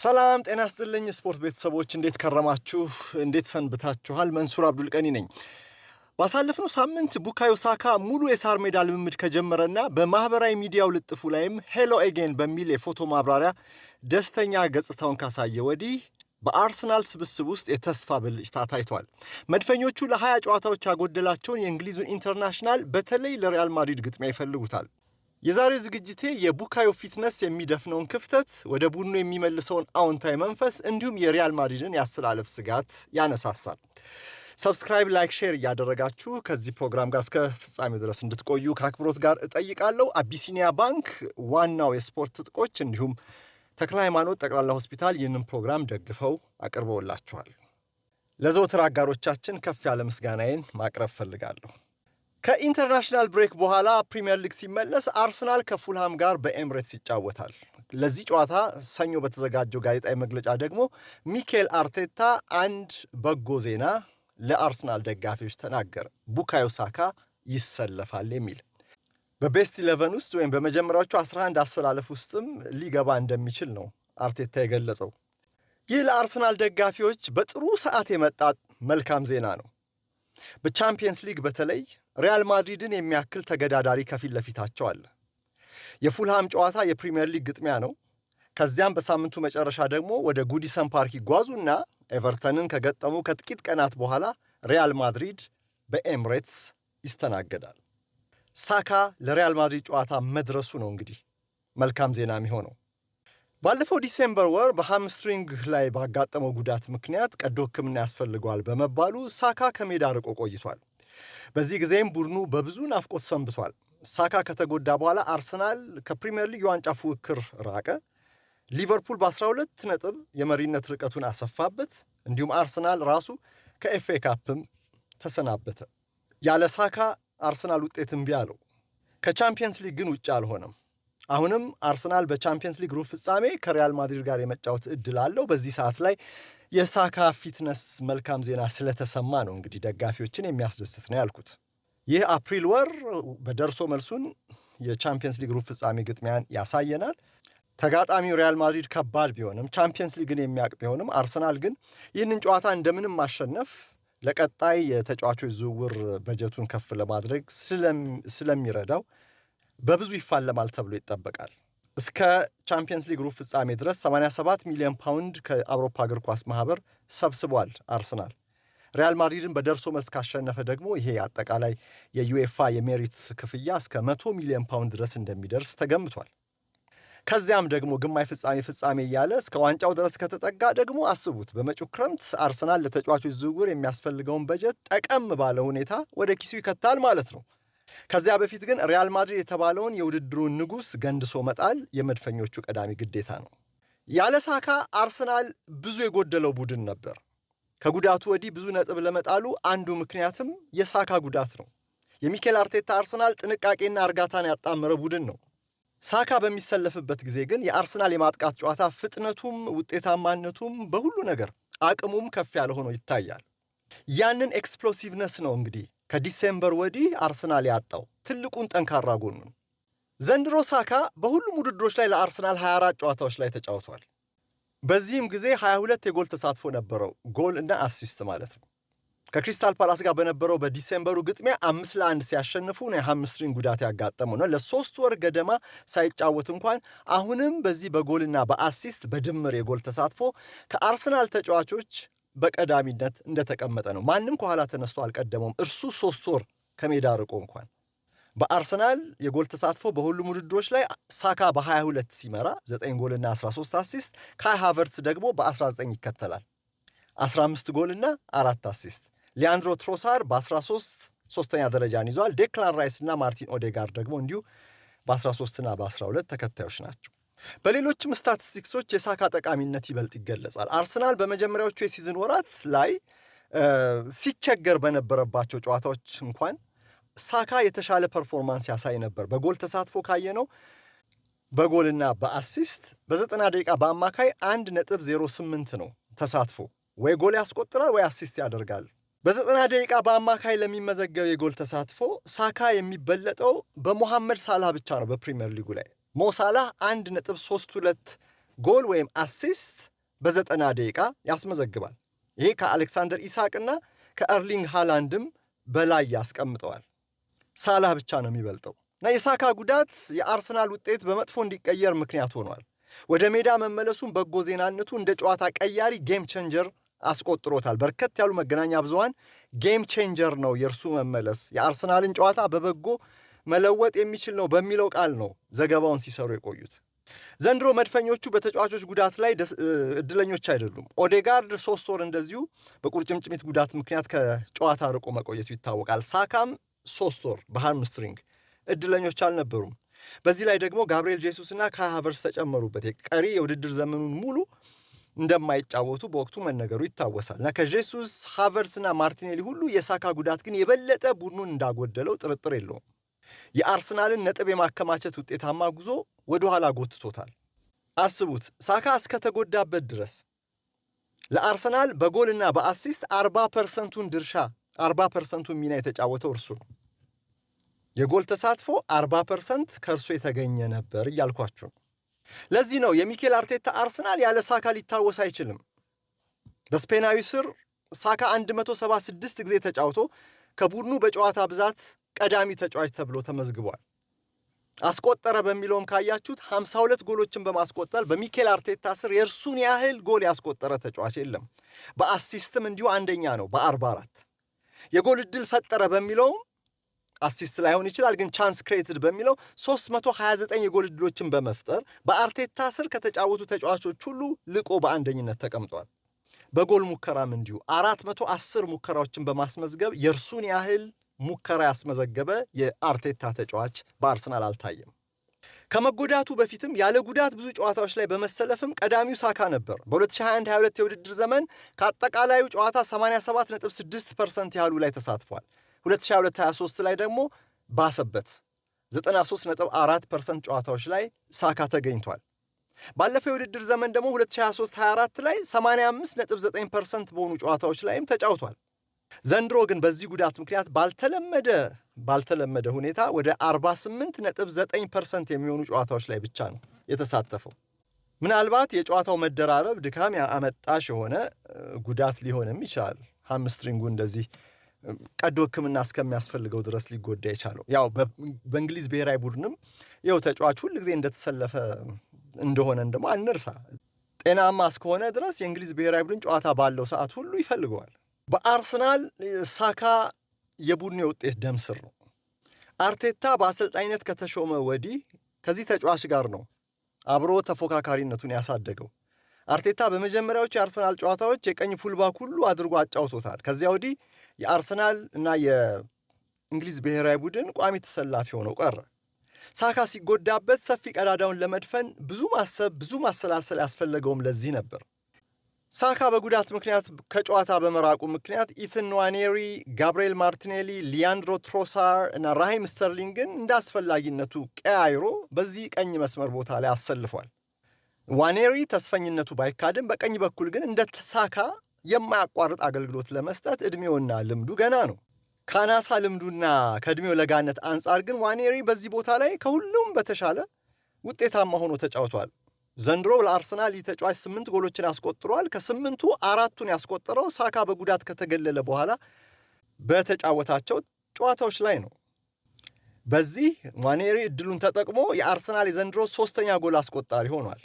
ሰላም ጤና ስጥልኝ ስፖርት ቤተሰቦች፣ እንዴት ከረማችሁ? እንዴት ሰንብታችኋል? መንሱር አብዱልቀኒ ነኝ። ባሳለፍነው ሳምንት ቡካዮ ሳካ ሙሉ የሳር ሜዳ ልምምድ ከጀመረና በማህበራዊ ሚዲያው ልጥፉ ላይም ሄሎ ኤጌን በሚል የፎቶ ማብራሪያ ደስተኛ ገጽታውን ካሳየ ወዲህ በአርሰናል ስብስብ ውስጥ የተስፋ ብልጭታ ታይቷል። መድፈኞቹ ለሀያ ጨዋታዎች ያጎደላቸውን የእንግሊዙን ኢንተርናሽናል በተለይ ለሪያል ማድሪድ ግጥሚያ ይፈልጉታል። የዛሬ ዝግጅቴ የቡካዮ ፊትነስ የሚደፍነውን ክፍተት ወደ ቡድኑ የሚመልሰውን አዎንታዊ መንፈስ እንዲሁም የሪያል ማድሪድን የአሰላለፍ ስጋት ያነሳሳል። ሰብስክራይብ፣ ላይክ፣ ሼር እያደረጋችሁ ከዚህ ፕሮግራም ጋር እስከ ፍጻሜው ድረስ እንድትቆዩ ከአክብሮት ጋር እጠይቃለሁ። አቢሲኒያ ባንክ ዋናው የስፖርት ጥቆች እንዲሁም ተክለ ሃይማኖት ጠቅላላ ሆስፒታል ይህንን ፕሮግራም ደግፈው አቅርበውላችኋል። ለዘውትር አጋሮቻችን ከፍ ያለ ምስጋናዬን ማቅረብ ፈልጋለሁ። ከኢንተርናሽናል ብሬክ በኋላ ፕሪምየር ሊግ ሲመለስ አርሰናል ከፉልሃም ጋር በኤምሬትስ ይጫወታል። ለዚህ ጨዋታ ሰኞ በተዘጋጀው ጋዜጣዊ መግለጫ ደግሞ ሚኬል አርቴታ አንድ በጎ ዜና ለአርሰናል ደጋፊዎች ተናገረ። ቡካዮ ሳካ ይሰለፋል የሚል በቤስት ኢለቨን ውስጥ ወይም በመጀመሪያዎቹ 11 አሰላለፍ ውስጥም ሊገባ እንደሚችል ነው አርቴታ የገለጸው። ይህ ለአርሰናል ደጋፊዎች በጥሩ ሰዓት የመጣ መልካም ዜና ነው። በቻምፒየንስ ሊግ በተለይ ሪያል ማድሪድን የሚያክል ተገዳዳሪ ከፊት ለፊታቸው አለ። የፉልሃም ጨዋታ የፕሪምየር ሊግ ግጥሚያ ነው። ከዚያም በሳምንቱ መጨረሻ ደግሞ ወደ ጉዲሰን ፓርክ ይጓዙና ኤቨርተንን ከገጠሙ ከጥቂት ቀናት በኋላ ሪያል ማድሪድ በኤምሬትስ ይስተናገዳል። ሳካ ለሪያል ማድሪድ ጨዋታ መድረሱ ነው እንግዲህ መልካም ዜና የሚሆነው። ባለፈው ዲሴምበር ወር በሃምስትሪንግ ላይ ባጋጠመው ጉዳት ምክንያት ቀዶ ሕክምና ያስፈልገዋል በመባሉ ሳካ ከሜዳ ርቆ ቆይቷል። በዚህ ጊዜም ቡድኑ በብዙ ናፍቆት ሰንብቷል። ሳካ ከተጎዳ በኋላ አርሰናል ከፕሪምየር ሊግ የዋንጫ ፉክክር ራቀ። ሊቨርፑል በ12 ነጥብ የመሪነት ርቀቱን አሰፋበት። እንዲሁም አርሰናል ራሱ ከኤፍኤ ካፕም ተሰናበተ። ያለ ሳካ አርሰናል ውጤት እምቢ አለው። ከቻምፒየንስ ሊግ ግን ውጭ አልሆነም። አሁንም አርሰናል በቻምፒየንስ ሊግ ሩብ ፍጻሜ ከሪያል ማድሪድ ጋር የመጫወት እድል አለው። በዚህ ሰዓት ላይ የሳካ ፊትነስ መልካም ዜና ስለተሰማ ነው እንግዲህ ደጋፊዎችን የሚያስደስት ነው ያልኩት። ይህ አፕሪል ወር በደርሶ መልሱን የቻምፒየንስ ሊግ ሩብ ፍጻሜ ግጥሚያን ያሳየናል። ተጋጣሚው ሪያል ማድሪድ ከባድ ቢሆንም ቻምፒየንስ ሊግን የሚያውቅ ቢሆንም አርሰናል ግን ይህንን ጨዋታ እንደምንም ማሸነፍ ለቀጣይ የተጫዋቾች ዝውውር በጀቱን ከፍ ለማድረግ ስለሚረዳው በብዙ ይፋለማል ተብሎ ይጠበቃል። እስከ ቻምፒየንስ ሊግ ሩብ ፍጻሜ ድረስ 87 ሚሊዮን ፓውንድ ከአውሮፓ እግር ኳስ ማህበር ሰብስቧል አርሰናል። ሪያል ማድሪድን በደርሶ መልስ ካሸነፈ ደግሞ ይሄ አጠቃላይ የዩኤፋ የሜሪት ክፍያ እስከ 100 ሚሊዮን ፓውንድ ድረስ እንደሚደርስ ተገምቷል። ከዚያም ደግሞ ግማሽ ፍጻሜ ፍጻሜ እያለ እስከ ዋንጫው ድረስ ከተጠጋ ደግሞ አስቡት፣ በመጪው ክረምት አርሰናል ለተጫዋቾች ዝውውር የሚያስፈልገውን በጀት ጠቀም ባለ ሁኔታ ወደ ኪሱ ይከታል ማለት ነው። ከዚያ በፊት ግን ሪያል ማድሪድ የተባለውን የውድድሩን ንጉሥ ገንድሶ መጣል የመድፈኞቹ ቀዳሚ ግዴታ ነው። ያለ ሳካ አርሰናል ብዙ የጎደለው ቡድን ነበር። ከጉዳቱ ወዲህ ብዙ ነጥብ ለመጣሉ አንዱ ምክንያትም የሳካ ጉዳት ነው። የሚኬል አርቴታ አርሰናል ጥንቃቄና እርጋታን ያጣመረ ቡድን ነው። ሳካ በሚሰለፍበት ጊዜ ግን የአርሰናል የማጥቃት ጨዋታ ፍጥነቱም ውጤታማነቱም በሁሉ ነገር አቅሙም ከፍ ያለ ሆኖ ይታያል። ያንን ኤክስፕሎሲቭነስ ነው እንግዲህ ከዲሴምበር ወዲህ አርሰናል ያጣው ትልቁን ጠንካራ ጎኑ ነው። ዘንድሮ ሳካ በሁሉም ውድድሮች ላይ ለአርሰናል 24 ጨዋታዎች ላይ ተጫውቷል። በዚህም ጊዜ 22 የጎል ተሳትፎ ነበረው፣ ጎል እና አሲስት ማለት ነው። ከክሪስታል ፓላስ ጋር በነበረው በዲሴምበሩ ግጥሚያ አምስት ለአንድ ሲያሸንፉ ነው የሃምስትሪንግ ጉዳት ያጋጠመው ነው። ለሶስት ወር ገደማ ሳይጫወት እንኳን አሁንም በዚህ በጎልና በአሲስት በድምር የጎል ተሳትፎ ከአርሰናል ተጫዋቾች በቀዳሚነት እንደተቀመጠ ነው። ማንም ከኋላ ተነስቶ አልቀደመውም። እርሱ ሶስት ወር ከሜዳ ርቆ እንኳን በአርሰናል የጎል ተሳትፎ በሁሉም ውድድሮች ላይ ሳካ በ22 ሲመራ 9 ጎልና 13 አሲስት፣ ካይ ሃቨርትስ ደግሞ በ19 ይከተላል 15 ጎልና 4 አሲስት። ሊያንድሮ ትሮሳር በ13 ሶስተኛ ደረጃን ይዟል። ዴክላን ራይስ እና ማርቲን ኦዴጋር ደግሞ እንዲሁ በ13ና በ12 ተከታዮች ናቸው። በሌሎችም ስታቲስቲክሶች የሳካ ጠቃሚነት ይበልጥ ይገለጻል። አርሰናል በመጀመሪያዎቹ የሲዝን ወራት ላይ ሲቸገር በነበረባቸው ጨዋታዎች እንኳን ሳካ የተሻለ ፐርፎርማንስ ያሳይ ነበር። በጎል ተሳትፎ ካየነው በጎልና በአሲስት በዘጠና ደቂቃ በአማካይ ስምንት ነው ተሳትፎ። ወይ ጎል ያስቆጥራል ወይ አሲስት ያደርጋል በዘጠና ደቂቃ በአማካይ ለሚመዘገብ የጎል ተሳትፎ ሳካ የሚበለጠው በሞሐመድ ሳላ ብቻ ነው በፕሪምየር ሊጉ ላይ ሞሳላህ ሁለት ጎል ወይም አሲስት በዘጠና ደቂቃ ያስመዘግባል። ይሄ ከአሌክሳንደር ኢሳቅና ከእርሊንግ ሃላንድም በላይ ያስቀምጠዋል። ሳላህ ብቻ ነው የሚበልጠው እና የሳካ ጉዳት የአርሰናል ውጤት በመጥፎ እንዲቀየር ምክንያት ሆኗል። ወደ ሜዳ መመለሱን በጎ ዜናነቱ እንደ ጨዋታ ቀያሪ ጌም ቼንጀር አስቆጥሮታል። በርከት ያሉ መገናኛ ብዙሃን ጌም ቼንጀር ነው የእርሱ መመለስ የአርሰናልን ጨዋታ በበጎ መለወጥ የሚችል ነው በሚለው ቃል ነው ዘገባውን ሲሰሩ የቆዩት። ዘንድሮ መድፈኞቹ በተጫዋቾች ጉዳት ላይ እድለኞች አይደሉም። ኦዴጋርድ ሶስት ወር እንደዚሁ በቁርጭምጭሚት ጉዳት ምክንያት ከጨዋታ ርቆ መቆየቱ ይታወቃል። ሳካም ሶስት ወር በሃርምስትሪንግ እድለኞች አልነበሩም። በዚህ ላይ ደግሞ ጋብርኤል ጄሱስና ካይ ሃቨርትዝ ተጨመሩበት። ቀሪ የውድድር ዘመኑን ሙሉ እንደማይጫወቱ በወቅቱ መነገሩ ይታወሳል እና ከጄሱስ ሃቨርትዝና ማርቲኔሊ ሁሉ የሳካ ጉዳት ግን የበለጠ ቡድኑን እንዳጎደለው ጥርጥር የለውም። የአርሰናልን ነጥብ የማከማቸት ውጤታማ ጉዞ ወደኋላ ጎትቶታል። አስቡት ሳካ እስከተጎዳበት ድረስ ለአርሰናል በጎልና በአሲስት 40 ፐርሰንቱን ድርሻ 40 ፐርሰንቱን ሚና የተጫወተው እርሱ ነው። የጎል ተሳትፎ 40 ፐርሰንት ከእርሱ የተገኘ ነበር እያልኳችሁ ነው። ለዚህ ነው የሚኬል አርቴታ አርሰናል ያለ ሳካ ሊታወስ አይችልም። በስፔናዊ ስር ሳካ 176 ጊዜ ተጫውቶ ከቡድኑ በጨዋታ ብዛት ቀዳሚ ተጫዋች ተብሎ ተመዝግቧል። አስቆጠረ በሚለውም ካያችሁት 52 ጎሎችን በማስቆጠር በሚኬል አርቴታ ስር የእርሱን ያህል ጎል ያስቆጠረ ተጫዋች የለም። በአሲስትም እንዲሁ አንደኛ ነው በ44 የጎል እድል ፈጠረ በሚለውም አሲስት ላይሆን ይችላል፣ ግን ቻንስ ክሬትድ በሚለው 329 የጎል እድሎችን በመፍጠር በአርቴታ ስር ከተጫወቱ ተጫዋቾች ሁሉ ልቆ በአንደኝነት ተቀምጧል። በጎል ሙከራም እንዲሁ 410 ሙከራዎችን በማስመዝገብ የእርሱን ያህል ሙከራ ያስመዘገበ የአርቴታ ተጫዋች በአርሰናል አልታየም። ከመጎዳቱ በፊትም ያለ ጉዳት ብዙ ጨዋታዎች ላይ በመሰለፍም ቀዳሚው ሳካ ነበር። በ2021/22 የውድድር ዘመን ከአጠቃላዩ ጨዋታ 87.6 ፐርሰንት ያህሉ ላይ ተሳትፏል። 2022/23 ላይ ደግሞ ባሰበት 93.4 ፐርሰንት ጨዋታዎች ላይ ሳካ ተገኝቷል። ባለፈው የውድድር ዘመን ደግሞ 2023/24 ላይ 85.9 ፐርሰንት በሆኑ ጨዋታዎች ላይም ተጫውቷል። ዘንድሮ ግን በዚህ ጉዳት ምክንያት ባልተለመደ ባልተለመደ ሁኔታ ወደ 48.9 የሚሆኑ ጨዋታዎች ላይ ብቻ ነው የተሳተፈው። ምናልባት የጨዋታው መደራረብ ድካም አመጣሽ የሆነ ጉዳት ሊሆንም ይችላል። ሃምስትሪንጉ እንደዚህ ቀዶ ሕክምና እስከሚያስፈልገው ድረስ ሊጎዳ የቻለው ያው በእንግሊዝ ብሔራዊ ቡድንም ይኸው ተጫዋች ሁል ጊዜ እንደተሰለፈ እንደሆነን ደግሞ አንርሳ። ጤናማ እስከሆነ ድረስ የእንግሊዝ ብሔራዊ ቡድን ጨዋታ ባለው ሰዓት ሁሉ ይፈልገዋል። በአርሰናል ሳካ የቡድን የውጤት ደም ስር ነው። አርቴታ በአሰልጣኝነት ከተሾመ ወዲህ ከዚህ ተጫዋች ጋር ነው አብሮ ተፎካካሪነቱን ያሳደገው። አርቴታ በመጀመሪያዎቹ የአርሰናል ጨዋታዎች የቀኝ ፉልባክ ሁሉ አድርጎ አጫውቶታል። ከዚያ ወዲህ የአርሰናል እና የእንግሊዝ ብሔራዊ ቡድን ቋሚ ተሰላፊ ሆነው ቀረ። ሳካ ሲጎዳበት ሰፊ ቀዳዳውን ለመድፈን ብዙ ማሰብ ብዙ ማሰላሰል ያስፈለገውም ለዚህ ነበር። ሳካ በጉዳት ምክንያት ከጨዋታ በመራቁ ምክንያት ኢትን ንዋኔሪ፣ ጋብርኤል ማርቲኔሊ፣ ሊያንድሮ ትሮሳር እና ራሂም ስተርሊንግን እንደ አስፈላጊነቱ ቀያይሮ በዚህ ቀኝ መስመር ቦታ ላይ አሰልፏል። ዋኔሪ ተስፈኝነቱ ባይካድም በቀኝ በኩል ግን እንደ ሳካ የማያቋርጥ አገልግሎት ለመስጠት እድሜውና ልምዱ ገና ነው። ከአናሳ ልምዱና ከእድሜው ለጋነት አንጻር ግን ዋኔሪ በዚህ ቦታ ላይ ከሁሉም በተሻለ ውጤታማ ሆኖ ተጫውቷል። ዘንድሮ ለአርሰናል ተጫዋች ስምንት ጎሎችን አስቆጥሯል። ከስምንቱ አራቱን ያስቆጠረው ሳካ በጉዳት ከተገለለ በኋላ በተጫወታቸው ጨዋታዎች ላይ ነው። በዚህ ማኔሪ እድሉን ተጠቅሞ የአርሰናል የዘንድሮ ሶስተኛ ጎል አስቆጣሪ ሆኗል።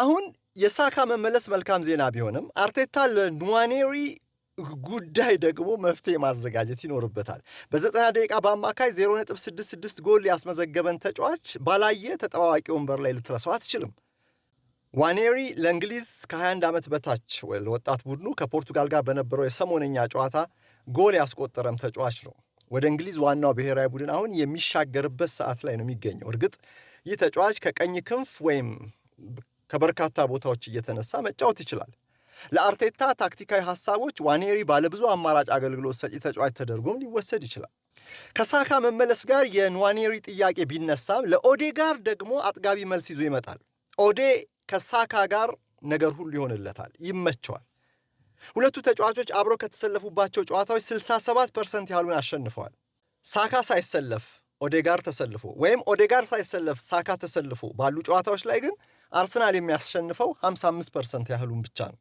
አሁን የሳካ መመለስ መልካም ዜና ቢሆንም አርቴታ ለኑዋኔሪ ጉዳይ ደግሞ መፍትሄ ማዘጋጀት ይኖርበታል። በዘጠና ደቂቃ በአማካይ 0.66 ጎል ያስመዘገበን ተጫዋች ባላየ ተጠባባቂ ወንበር ላይ ልትረሳው አትችልም። ዋኔሪ ለእንግሊዝ ከ21 ዓመት በታች ለወጣት ቡድኑ ከፖርቱጋል ጋር በነበረው የሰሞነኛ ጨዋታ ጎል ያስቆጠረም ተጫዋች ነው። ወደ እንግሊዝ ዋናው ብሔራዊ ቡድን አሁን የሚሻገርበት ሰዓት ላይ ነው የሚገኘው። እርግጥ ይህ ተጫዋች ከቀኝ ክንፍ ወይም ከበርካታ ቦታዎች እየተነሳ መጫወት ይችላል። ለአርቴታ ታክቲካዊ ሀሳቦች ዋኔሪ ባለብዙ አማራጭ አገልግሎት ሰጪ ተጫዋች ተደርጎም ሊወሰድ ይችላል። ከሳካ መመለስ ጋር የንዋኔሪ ጥያቄ ቢነሳም ለኦዴ ጋር ደግሞ አጥጋቢ መልስ ይዞ ይመጣል። ኦዴ ከሳካ ጋር ነገር ሁሉ ይሆንለታል፣ ይመቸዋል። ሁለቱ ተጫዋቾች አብረው ከተሰለፉባቸው ጨዋታዎች 67 ፐርሰንት ያህሉን አሸንፈዋል። ሳካ ሳይሰለፍ ኦዴ ጋር ተሰልፎ ወይም ጋር ሳይሰለፍ ሳካ ተሰልፎ ባሉ ጨዋታዎች ላይ ግን አርሰናል የሚያሸንፈው 55 ፐርሰንት ያህሉን ብቻ ነው።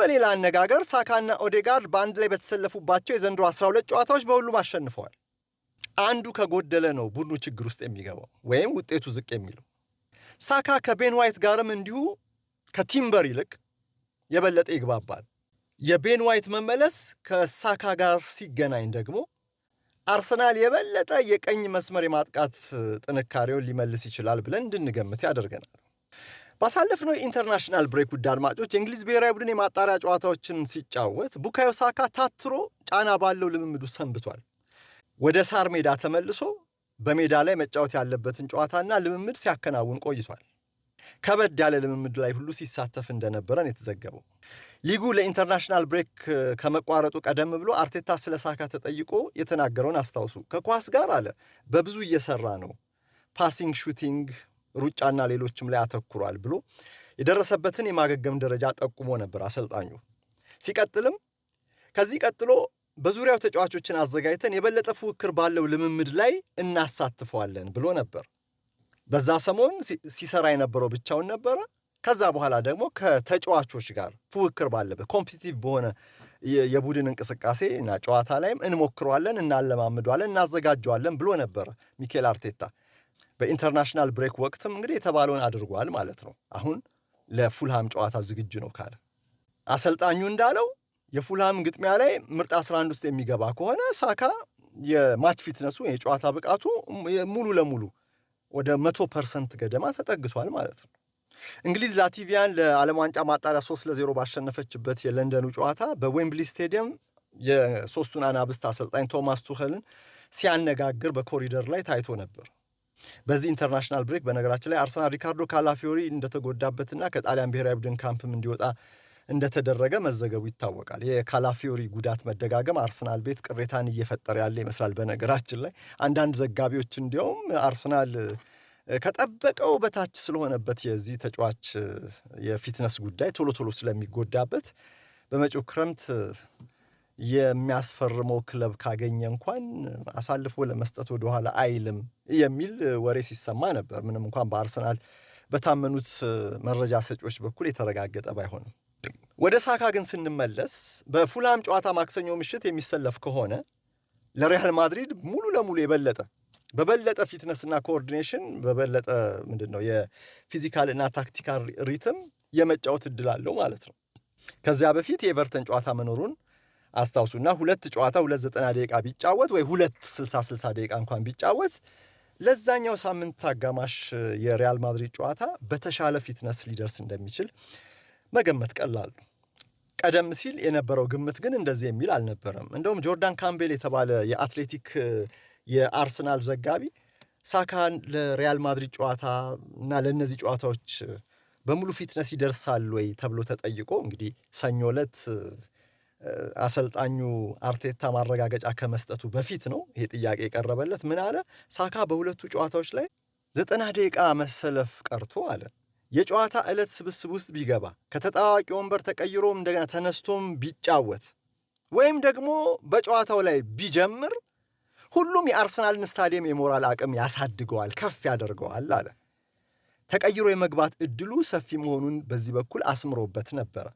በሌላ አነጋገር ሳካና ኦዴጋርድ በአንድ ላይ በተሰለፉባቸው የዘንድሮ 12 ጨዋታዎች በሁሉም አሸንፈዋል። አንዱ ከጎደለ ነው ቡድኑ ችግር ውስጥ የሚገባው ወይም ውጤቱ ዝቅ የሚለው። ሳካ ከቤን ዋይት ጋርም እንዲሁ ከቲምበር ይልቅ የበለጠ ይግባባል። የቤን ዋይት መመለስ ከሳካ ጋር ሲገናኝ ደግሞ አርሰናል የበለጠ የቀኝ መስመር የማጥቃት ጥንካሬውን ሊመልስ ይችላል ብለን እንድንገምት ያደርገናል። ባሳለፍነው የኢንተርናሽናል ብሬክ ውድ አድማጮች የእንግሊዝ ብሔራዊ ቡድን የማጣሪያ ጨዋታዎችን ሲጫወት ቡካዮ ሳካ ታትሮ ጫና ባለው ልምምዱ ሰንብቷል። ወደ ሳር ሜዳ ተመልሶ በሜዳ ላይ መጫወት ያለበትን ጨዋታና ልምምድ ሲያከናውን ቆይቷል። ከበድ ያለ ልምምድ ላይ ሁሉ ሲሳተፍ እንደነበረን የተዘገበው ሊጉ ለኢንተርናሽናል ብሬክ ከመቋረጡ ቀደም ብሎ አርቴታ ስለ ሳካ ተጠይቆ የተናገረውን አስታውሱ። ከኳስ ጋር አለ በብዙ እየሰራ ነው። ፓሲንግ፣ ሹቲንግ፣ ሩጫና ሌሎችም ላይ አተኩሯል ብሎ የደረሰበትን የማገገም ደረጃ ጠቁሞ ነበር አሰልጣኙ። ሲቀጥልም ከዚህ ቀጥሎ በዙሪያው ተጫዋቾችን አዘጋጅተን የበለጠ ፉክክር ባለው ልምምድ ላይ እናሳትፈዋለን ብሎ ነበር። በዛ ሰሞን ሲሰራ የነበረው ብቻውን ነበረ። ከዛ በኋላ ደግሞ ከተጫዋቾች ጋር ፉክክር ባለበት ኮምፒቲቲቭ በሆነ የቡድን እንቅስቃሴ እና ጨዋታ ላይም እንሞክረዋለን፣ እናለማምደዋለን፣ እናዘጋጀዋለን ብሎ ነበረ ሚኬል አርቴታ። በኢንተርናሽናል ብሬክ ወቅትም እንግዲህ የተባለውን አድርጓል ማለት ነው። አሁን ለፉልሃም ጨዋታ ዝግጁ ነው ካለ አሰልጣኙ እንዳለው የፉልሃም ግጥሚያ ላይ ምርጥ 11 ውስጥ የሚገባ ከሆነ ሳካ የማች ፊትነሱ የጨዋታ ብቃቱ ሙሉ ለሙሉ ወደ መቶ ፐርሰንት ገደማ ተጠግቷል ማለት ነው። እንግሊዝ ላቲቪያን ለዓለም ዋንጫ ማጣሪያ ሶስት ለዜሮ ባሸነፈችበት የለንደኑ ጨዋታ በዌምብሊ ስቴዲየም የሶስቱን አናብስት አሰልጣኝ ቶማስ ቱኸልን ሲያነጋግር በኮሪደር ላይ ታይቶ ነበር። በዚህ ኢንተርናሽናል ብሬክ በነገራችን ላይ አርሰናል ሪካርዶ ካላፊዮሪ እንደተጎዳበትና ከጣሊያን ብሔራዊ ቡድን ካምፕም እንዲወጣ እንደተደረገ መዘገቡ ይታወቃል። የካላፊዮሪ ጉዳት መደጋገም አርሰናል ቤት ቅሬታን እየፈጠረ ያለ ይመስላል። በነገራችን ላይ አንዳንድ ዘጋቢዎች እንዲያውም አርሰናል ከጠበቀው በታች ስለሆነበት የዚህ ተጫዋች የፊትነስ ጉዳይ ቶሎ ቶሎ ስለሚጎዳበት በመጪው ክረምት የሚያስፈርመው ክለብ ካገኘ እንኳን አሳልፎ ለመስጠት ወደኋላ አይልም የሚል ወሬ ሲሰማ ነበር። ምንም እንኳን በአርሰናል በታመኑት መረጃ ሰጪዎች በኩል የተረጋገጠ ባይሆንም ወደ ሳካ ግን ስንመለስ በፉላም ጨዋታ ማክሰኞ ምሽት የሚሰለፍ ከሆነ ለሪያል ማድሪድ ሙሉ ለሙሉ የበለጠ በበለጠ ፊትነስና ኮኦርዲኔሽን በበለጠ ምንድን ነው የፊዚካልና ታክቲካል ሪትም የመጫወት እድል አለው ማለት ነው። ከዚያ በፊት የኤቨርተን ጨዋታ መኖሩን አስታውሱና ሁለት ጨዋታ ሁለት ዘጠና ደቂቃ ቢጫወት ወይ ሁለት ስልሳ ስልሳ ደቂቃ እንኳን ቢጫወት ለዛኛው ሳምንት አጋማሽ የሪያል ማድሪድ ጨዋታ በተሻለ ፊትነስ ሊደርስ እንደሚችል መገመት ቀላል ነው። ቀደም ሲል የነበረው ግምት ግን እንደዚህ የሚል አልነበረም። እንደውም ጆርዳን ካምቤል የተባለ የአትሌቲክ የአርሰናል ዘጋቢ ሳካ ለሪያል ማድሪድ ጨዋታ እና ለእነዚህ ጨዋታዎች በሙሉ ፊትነስ ይደርሳል ወይ ተብሎ ተጠይቆ እንግዲህ ሰኞ ዕለት አሰልጣኙ አርቴታ ማረጋገጫ ከመስጠቱ በፊት ነው ይሄ ጥያቄ የቀረበለት። ምን አለ ሳካ በሁለቱ ጨዋታዎች ላይ ዘጠና ደቂቃ መሰለፍ ቀርቶ አለ የጨዋታ ዕለት ስብስብ ውስጥ ቢገባ ከተጣዋቂ ወንበር ተቀይሮም እንደገና ተነስቶም ቢጫወት ወይም ደግሞ በጨዋታው ላይ ቢጀምር ሁሉም የአርሰናልን ስታዲየም የሞራል አቅም ያሳድገዋል፣ ከፍ ያደርገዋል አለ። ተቀይሮ የመግባት እድሉ ሰፊ መሆኑን በዚህ በኩል አስምሮበት ነበረ።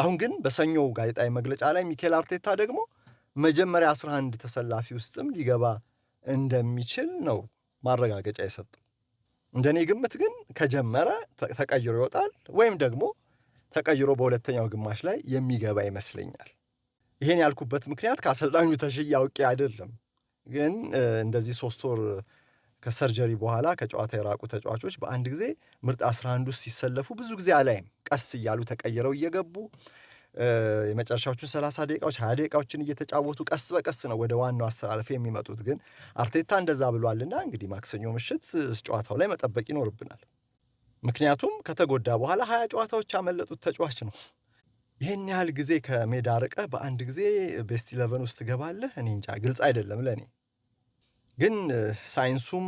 አሁን ግን በሰኞው ጋዜጣዊ መግለጫ ላይ ሚኬል አርቴታ ደግሞ መጀመሪያ 11 ተሰላፊ ውስጥም ሊገባ እንደሚችል ነው ማረጋገጫ የሰጠው። እንደኔ ግምት ግን ከጀመረ ተቀይሮ ይወጣል ወይም ደግሞ ተቀይሮ በሁለተኛው ግማሽ ላይ የሚገባ ይመስለኛል። ይሄን ያልኩበት ምክንያት ከአሰልጣኙ ተሽያ ውቄ አይደለም። ግን እንደዚህ ሶስት ወር ከሰርጀሪ በኋላ ከጨዋታ የራቁ ተጫዋቾች በአንድ ጊዜ ምርጥ 11 ውስጥ ሲሰለፉ ብዙ ጊዜ አላይም። ቀስ እያሉ ተቀይረው እየገቡ የመጨረሻዎቹን 30 ደቂቃዎች 20 ደቂቃዎችን እየተጫወቱ ቀስ በቀስ ነው ወደ ዋናው አሰላለፍ የሚመጡት። ግን አርቴታ እንደዛ ብሏልና እንግዲህ ማክሰኞ ምሽት ጨዋታው ላይ መጠበቅ ይኖርብናል። ምክንያቱም ከተጎዳ በኋላ ሀያ ጨዋታዎች ያመለጡት ተጫዋች ነው። ይህን ያህል ጊዜ ከሜዳ ርቀ በአንድ ጊዜ ቤስት ኢለቨን ውስጥ ገባለህ? እኔ እንጃ፣ ግልጽ አይደለም ለእኔ። ግን ሳይንሱም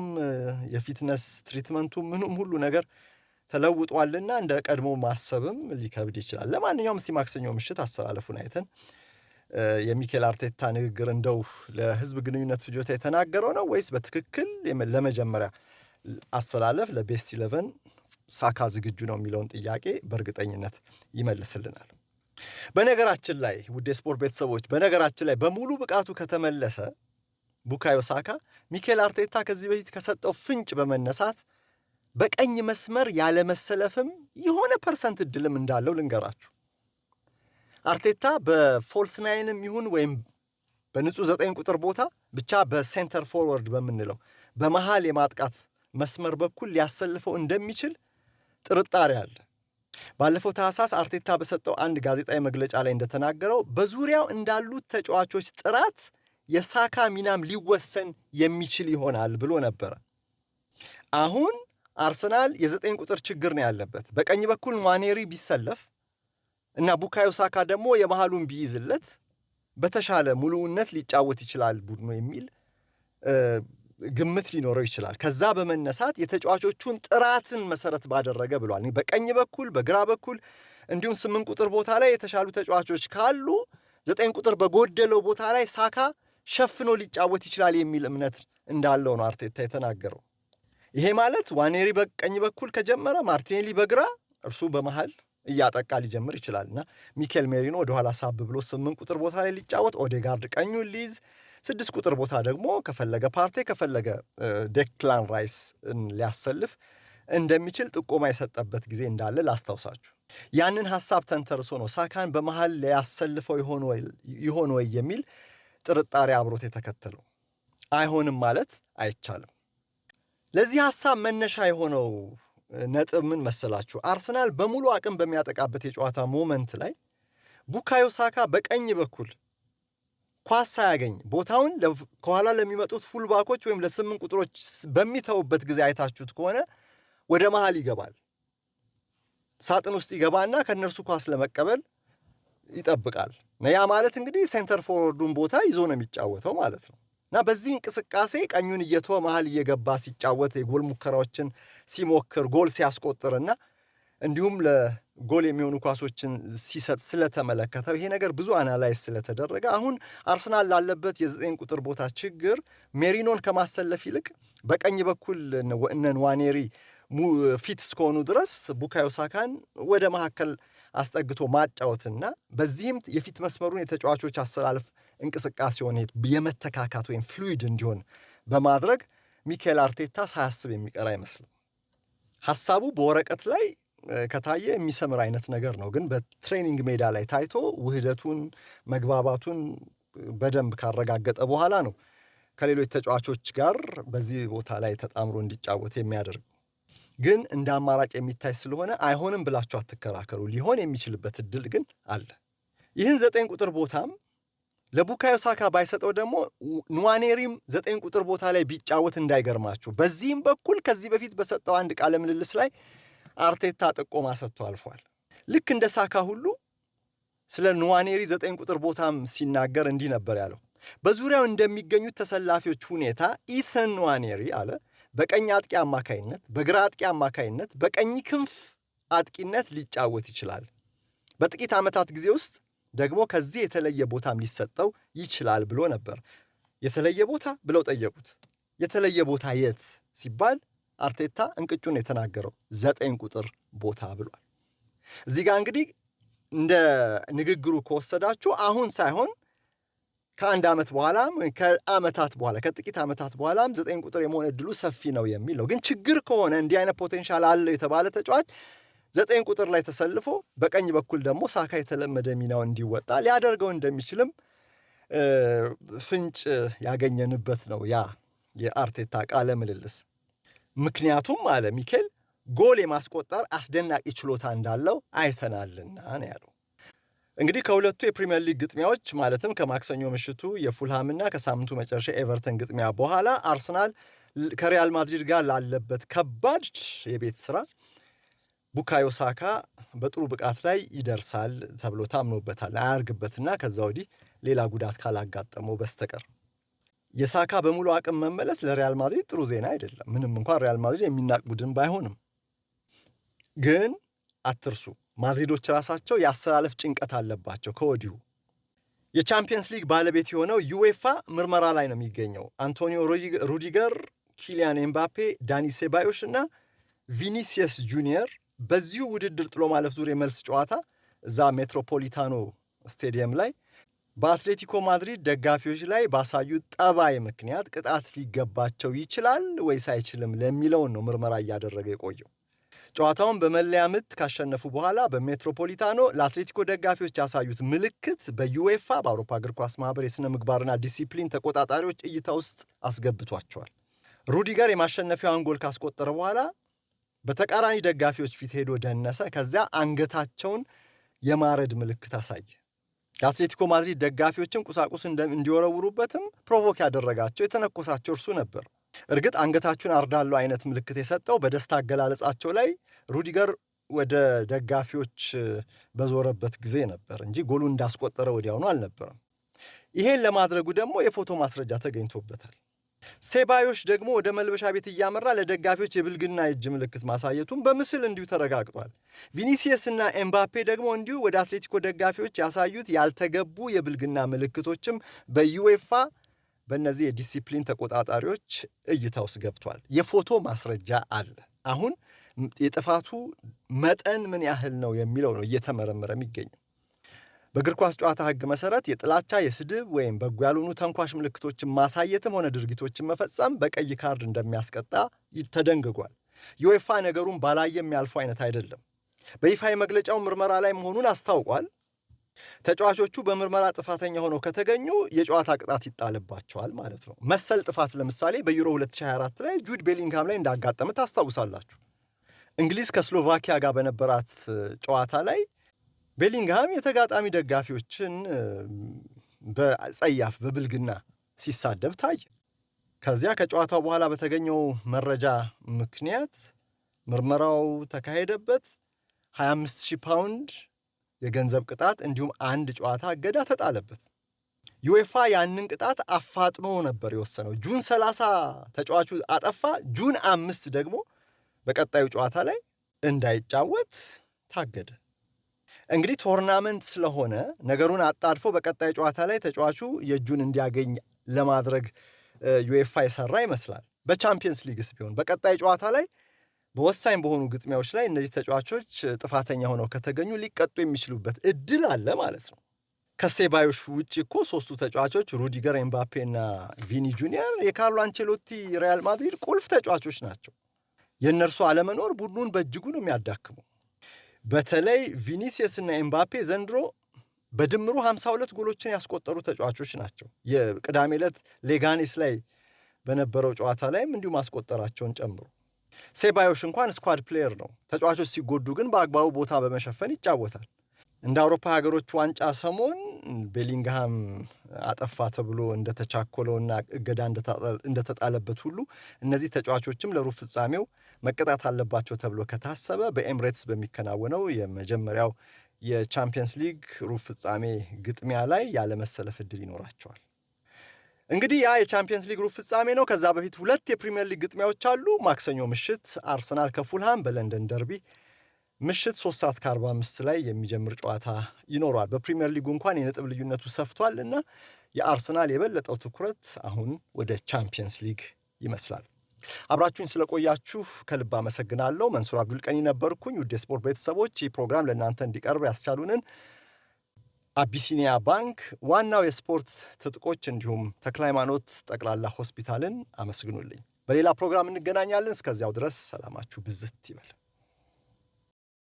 የፊትነስ ትሪትመንቱ ምኑም ሁሉ ነገር ተለውጧልና እንደ ቀድሞ ማሰብም ሊከብድ ይችላል። ለማንኛውም እስቲ ማክሰኞ ምሽት አሰላለፉን አይተን የሚኬል አርቴታ ንግግር እንደው ለህዝብ ግንኙነት ፍጆታ የተናገረው ነው ወይስ በትክክል ለመጀመሪያ አሰላለፍ ለቤስት ኢለቨን ሳካ ዝግጁ ነው የሚለውን ጥያቄ በእርግጠኝነት ይመልስልናል። በነገራችን ላይ ውድ የስፖርት ቤተሰቦች፣ በነገራችን ላይ በሙሉ ብቃቱ ከተመለሰ ቡካዮ ሳካ ሚኬል አርቴታ ከዚህ በፊት ከሰጠው ፍንጭ በመነሳት በቀኝ መስመር ያለመሰለፍም የሆነ ፐርሰንት እድልም እንዳለው ልንገራችሁ። አርቴታ በፎልስ ናይንም ይሁን ወይም በንጹህ ዘጠኝ ቁጥር ቦታ ብቻ በሴንተር ፎርወርድ በምንለው በመሃል የማጥቃት መስመር በኩል ሊያሰልፈው እንደሚችል ጥርጣሬ አለ። ባለፈው ታህሳስ አርቴታ በሰጠው አንድ ጋዜጣዊ መግለጫ ላይ እንደተናገረው በዙሪያው እንዳሉት ተጫዋቾች ጥራት የሳካ ሚናም ሊወሰን የሚችል ይሆናል ብሎ ነበረ። አሁን አርሰናል የዘጠኝ ቁጥር ችግር ነው ያለበት። በቀኝ በኩል ማኔሪ ቢሰለፍ እና ቡካዮ ሳካ ደግሞ የመሃሉን ቢይዝለት በተሻለ ሙሉውነት ሊጫወት ይችላል ቡድኑ የሚል ግምት ሊኖረው ይችላል። ከዛ በመነሳት የተጫዋቾቹን ጥራትን መሰረት ባደረገ ብሏል። በቀኝ በኩል በግራ በኩል እንዲሁም ስምንት ቁጥር ቦታ ላይ የተሻሉ ተጫዋቾች ካሉ ዘጠኝ ቁጥር በጎደለው ቦታ ላይ ሳካ ሸፍኖ ሊጫወት ይችላል የሚል እምነት እንዳለው ነው አርቴታ የተናገረው። ይሄ ማለት ዋኔሪ በቀኝ በኩል ከጀመረ ማርቲኔሊ በግራ እርሱ በመሃል እያጠቃ ሊጀምር ይችላል እና ሚኬል ሜሪኖ ወደኋላ ሳብ ብሎ ስምንት ቁጥር ቦታ ላይ ሊጫወት፣ ኦዴጋርድ ቀኙን ሊይዝ፣ ስድስት ቁጥር ቦታ ደግሞ ከፈለገ ፓርቴ ከፈለገ ዴክላን ራይስ ሊያሰልፍ እንደሚችል ጥቆማ የሰጠበት ጊዜ እንዳለ ላስታውሳችሁ። ያንን ሀሳብ ተንተርሶ ነው ሳካን በመሃል ሊያሰልፈው ይሆን ወይ የሚል ጥርጣሬ አብሮት የተከተለው። አይሆንም ማለት አይቻልም። ለዚህ ሐሳብ መነሻ የሆነው ነጥብ ምን መሰላችሁ? አርሰናል በሙሉ አቅም በሚያጠቃበት የጨዋታ ሞመንት ላይ ቡካዮ ሳካ በቀኝ በኩል ኳስ ሳያገኝ ቦታውን ከኋላ ለሚመጡት ፉልባኮች ወይም ለስምንት ቁጥሮች በሚተውበት ጊዜ አይታችሁት ከሆነ ወደ መሃል ይገባል። ሳጥን ውስጥ ይገባና ከእነርሱ ኳስ ለመቀበል ይጠብቃል። ያ ማለት እንግዲህ ሴንተር ፎርወርዱን ቦታ ይዞ ነው የሚጫወተው ማለት ነው። እና በዚህ እንቅስቃሴ ቀኙን እየቶ መሀል እየገባ ሲጫወት የጎል ሙከራዎችን ሲሞክር ጎል ሲያስቆጥርና እንዲሁም ለጎል የሚሆኑ ኳሶችን ሲሰጥ ስለተመለከተው ይሄ ነገር ብዙ አናላይዝ ስለተደረገ አሁን አርሰናል ላለበት የዘጠኝ ቁጥር ቦታ ችግር ሜሪኖን ከማሰለፍ ይልቅ በቀኝ በኩል እነ ንዋኔሪ ፊት እስከሆኑ ድረስ ቡካዮ ሳካን ወደ መካከል አስጠግቶ ማጫወትና በዚህም የፊት መስመሩን የተጫዋቾች አሰላለፍ እንቅስቃሴውን የመተካካት ወይም ፍሉይድ እንዲሆን በማድረግ ሚካኤል አርቴታ ሳያስብ የሚቀር አይመስልም። ሀሳቡ በወረቀት ላይ ከታየ የሚሰምር አይነት ነገር ነው። ግን በትሬኒንግ ሜዳ ላይ ታይቶ ውህደቱን፣ መግባባቱን በደንብ ካረጋገጠ በኋላ ነው ከሌሎች ተጫዋቾች ጋር በዚህ ቦታ ላይ ተጣምሮ እንዲጫወት የሚያደርግ ግን እንደ አማራጭ የሚታይ ስለሆነ አይሆንም ብላችሁ አትከራከሩ። ሊሆን የሚችልበት እድል ግን አለ። ይህን ዘጠኝ ቁጥር ቦታም ለቡካዮ ሳካ ባይሰጠው ደግሞ ኑዋኔሪም ዘጠኝ ቁጥር ቦታ ላይ ቢጫወት እንዳይገርማችሁ። በዚህም በኩል ከዚህ በፊት በሰጠው አንድ ቃለ ምልልስ ላይ አርቴታ ጥቆማ ሰጥቶ አልፏል። ልክ እንደ ሳካ ሁሉ ስለ ኑዋኔሪ ዘጠኝ ቁጥር ቦታም ሲናገር እንዲህ ነበር ያለው። በዙሪያው እንደሚገኙት ተሰላፊዎች ሁኔታ ኢተን ኑዋኔሪ አለ በቀኝ አጥቂ አማካይነት፣ በግራ አጥቂ አማካይነት፣ በቀኝ ክንፍ አጥቂነት ሊጫወት ይችላል። በጥቂት ዓመታት ጊዜ ውስጥ ደግሞ ከዚህ የተለየ ቦታም ሊሰጠው ይችላል ብሎ ነበር። የተለየ ቦታ ብለው ጠየቁት። የተለየ ቦታ የት ሲባል አርቴታ እንቅጩን የተናገረው ዘጠኝ ቁጥር ቦታ ብሏል። እዚህ ጋር እንግዲህ እንደ ንግግሩ ከወሰዳችሁ አሁን ሳይሆን ከአንድ ዓመት በኋላም ከዓመታት በኋላ ከጥቂት ዓመታት በኋላም ዘጠኝ ቁጥር የመሆን እድሉ ሰፊ ነው የሚለው ግን ችግር ከሆነ እንዲህ አይነት ፖቴንሻል አለው የተባለ ተጫዋች ዘጠኝ ቁጥር ላይ ተሰልፎ በቀኝ በኩል ደግሞ ሳካ የተለመደ ሚናው እንዲወጣ ሊያደርገው እንደሚችልም ፍንጭ ያገኘንበት ነው ያ የአርቴታ ቃለ ምልልስ። ምክንያቱም አለ ሚኬል ጎል የማስቆጠር አስደናቂ ችሎታ እንዳለው አይተናልና ነው ያለው። እንግዲህ ከሁለቱ የፕሪምየር ሊግ ግጥሚያዎች ማለትም ከማክሰኞ ምሽቱ የፉልሃምና ከሳምንቱ መጨረሻ ኤቨርተን ግጥሚያ በኋላ አርሰናል ከሪያል ማድሪድ ጋር ላለበት ከባድ የቤት ስራ ቡካዮ ሳካ በጥሩ ብቃት ላይ ይደርሳል ተብሎ ታምኖበታል። አያርግበትና ከዛ ወዲህ ሌላ ጉዳት ካላጋጠመው በስተቀር የሳካ በሙሉ አቅም መመለስ ለሪያል ማድሪድ ጥሩ ዜና አይደለም። ምንም እንኳን ሪያል ማድሪድ የሚናቅ ቡድን ባይሆንም ግን አትርሱ ማድሪዶች ራሳቸው የአሰላለፍ ጭንቀት አለባቸው ከወዲሁ። የቻምፒየንስ ሊግ ባለቤት የሆነው ዩዌፋ ምርመራ ላይ ነው የሚገኘው። አንቶኒዮ ሩዲገር፣ ኪሊያን ኤምባፔ፣ ዳኒ ሴባዮሽ እና ቪኒሲየስ ጁኒየር በዚሁ ውድድር ጥሎ ማለፍ ዙር የመልስ ጨዋታ እዛ ሜትሮፖሊታኖ ስቴዲየም ላይ በአትሌቲኮ ማድሪድ ደጋፊዎች ላይ ባሳዩት ጠባይ ምክንያት ቅጣት ሊገባቸው ይችላል ወይስ አይችልም ለሚለውን ነው ምርመራ እያደረገ የቆየው። ጨዋታውን በመለያ ምት ካሸነፉ በኋላ በሜትሮፖሊታኖ ለአትሌቲኮ ደጋፊዎች ያሳዩት ምልክት በዩኤፋ በአውሮፓ እግር ኳስ ማህበር የሥነ ምግባርና ዲሲፕሊን ተቆጣጣሪዎች እይታ ውስጥ አስገብቷቸዋል። ሩዲገር የማሸነፊያውን ጎል ካስቆጠረ በኋላ በተቃራኒ ደጋፊዎች ፊት ሄዶ ደነሰ። ከዚያ አንገታቸውን የማረድ ምልክት አሳየ። የአትሌቲኮ ማድሪድ ደጋፊዎችም ቁሳቁስ እንዲወረውሩበትም ፕሮቮክ ያደረጋቸው የተነኮሳቸው እርሱ ነበር። እርግጥ አንገታችሁን አርዳለሁ አይነት ምልክት የሰጠው በደስታ አገላለጻቸው ላይ ሩዲገር ወደ ደጋፊዎች በዞረበት ጊዜ ነበር እንጂ ጎሉ እንዳስቆጠረ ወዲያውኑ አልነበረም። ይሄን ለማድረጉ ደግሞ የፎቶ ማስረጃ ተገኝቶበታል። ሴባዮች ደግሞ ወደ መልበሻ ቤት እያመራ ለደጋፊዎች የብልግና እጅ ምልክት ማሳየቱም በምስል እንዲሁ ተረጋግጧል። ቪኒሲየስና ኤምባፔ ደግሞ እንዲሁ ወደ አትሌቲኮ ደጋፊዎች ያሳዩት ያልተገቡ የብልግና ምልክቶችም በዩዌፋ በእነዚህ የዲሲፕሊን ተቆጣጣሪዎች እይታ ውስጥ ገብቷል። የፎቶ ማስረጃ አለ። አሁን የጥፋቱ መጠን ምን ያህል ነው የሚለው ነው እየተመረመረ የሚገኘው። በእግር ኳስ ጨዋታ ሕግ መሰረት የጥላቻ የስድብ ወይም በጎ ያልሆኑ ተንኳሽ ምልክቶችን ማሳየትም ሆነ ድርጊቶችን መፈጸም በቀይ ካርድ እንደሚያስቀጣ ተደንግጓል። የወይፋ ነገሩን ባላየ የሚያልፉ አይነት አይደለም። በይፋ የመግለጫው ምርመራ ላይ መሆኑን አስታውቋል። ተጫዋቾቹ በምርመራ ጥፋተኛ ሆነው ከተገኙ የጨዋታ ቅጣት ይጣልባቸዋል ማለት ነው። መሰል ጥፋት ለምሳሌ በዩሮ 2024 ላይ ጁድ ቤሊንግሃም ላይ እንዳጋጠመ ታስታውሳላችሁ። እንግሊዝ ከስሎቫኪያ ጋር በነበራት ጨዋታ ላይ ቤሊንግሃም የተጋጣሚ ደጋፊዎችን በጸያፍ በብልግና ሲሳደብ ታየ። ከዚያ ከጨዋታው በኋላ በተገኘው መረጃ ምክንያት ምርመራው ተካሄደበት 25 ፓውንድ የገንዘብ ቅጣት እንዲሁም አንድ ጨዋታ እገዳ ተጣለበት። ዩኤፋ ያንን ቅጣት አፋጥኖ ነበር የወሰነው። ጁን 30 ተጫዋቹ አጠፋ፣ ጁን አምስት ደግሞ በቀጣዩ ጨዋታ ላይ እንዳይጫወት ታገደ። እንግዲህ ቶርናመንት ስለሆነ ነገሩን አጣድፎ በቀጣዩ ጨዋታ ላይ ተጫዋቹ የእጁን እንዲያገኝ ለማድረግ ዩኤፋ የሰራ ይመስላል። በቻምፒየንስ ሊግስ ቢሆን በቀጣይ ጨዋታ ላይ በወሳኝ በሆኑ ግጥሚያዎች ላይ እነዚህ ተጫዋቾች ጥፋተኛ ሆነው ከተገኙ ሊቀጡ የሚችሉበት እድል አለ ማለት ነው። ከሴባዮሽ ውጭ እኮ ሶስቱ ተጫዋቾች ሩዲገር፣ ኤምባፔ እና ቪኒ ጁኒየር የካርሎ አንቸሎቲ ሪያል ማድሪድ ቁልፍ ተጫዋቾች ናቸው። የእነርሱ አለመኖር ቡድኑን በእጅጉ ነው የሚያዳክመው። በተለይ ቪኒሲየስ እና ኤምባፔ ዘንድሮ በድምሩ 52 ጎሎችን ያስቆጠሩ ተጫዋቾች ናቸው። የቅዳሜ ዕለት ሌጋኔስ ላይ በነበረው ጨዋታ ላይም እንዲሁ ማስቆጠራቸውን ጨምሮ ሴባዮሽ እንኳን ስኳድ ፕሌየር ነው። ተጫዋቾች ሲጎዱ ግን በአግባቡ ቦታ በመሸፈን ይጫወታል። እንደ አውሮፓ ሀገሮች ዋንጫ ሰሞን ቤሊንግሃም አጠፋ ተብሎ እንደተቻኮለውና እገዳ እንደተጣለበት ሁሉ እነዚህ ተጫዋቾችም ለሩብ ፍጻሜው መቀጣት አለባቸው ተብሎ ከታሰበ በኤምሬትስ በሚከናወነው የመጀመሪያው የቻምፒየንስ ሊግ ሩብ ፍጻሜ ግጥሚያ ላይ ያለመሰለፍ እድል ይኖራቸዋል። እንግዲህ ያ የቻምፒየንስ ሊግ ሩብ ፍጻሜ ነው። ከዛ በፊት ሁለት የፕሪምየር ሊግ ግጥሚያዎች አሉ። ማክሰኞ ምሽት አርሰናል ከፉልሃም በለንደን ደርቢ ምሽት 3 ሰዓት ከ45 ላይ የሚጀምር ጨዋታ ይኖረዋል። በፕሪምየር ሊጉ እንኳን የነጥብ ልዩነቱ ሰፍቷል እና የአርሰናል የበለጠው ትኩረት አሁን ወደ ቻምፒየንስ ሊግ ይመስላል። አብራችሁኝ ስለቆያችሁ ከልብ አመሰግናለሁ። መንሱር አብዱልቀኒ ነበርኩኝ። ውድ የስፖርት ቤተሰቦች ይህ ፕሮግራም ለእናንተ እንዲቀርብ ያስቻሉንን አቢሲኒያ ባንክ፣ ዋናው የስፖርት ትጥቆች እንዲሁም ተክለ ሃይማኖት ጠቅላላ ሆስፒታልን አመስግኑልኝ። በሌላ ፕሮግራም እንገናኛለን። እስከዚያው ድረስ ሰላማችሁ ብዝት ይበል።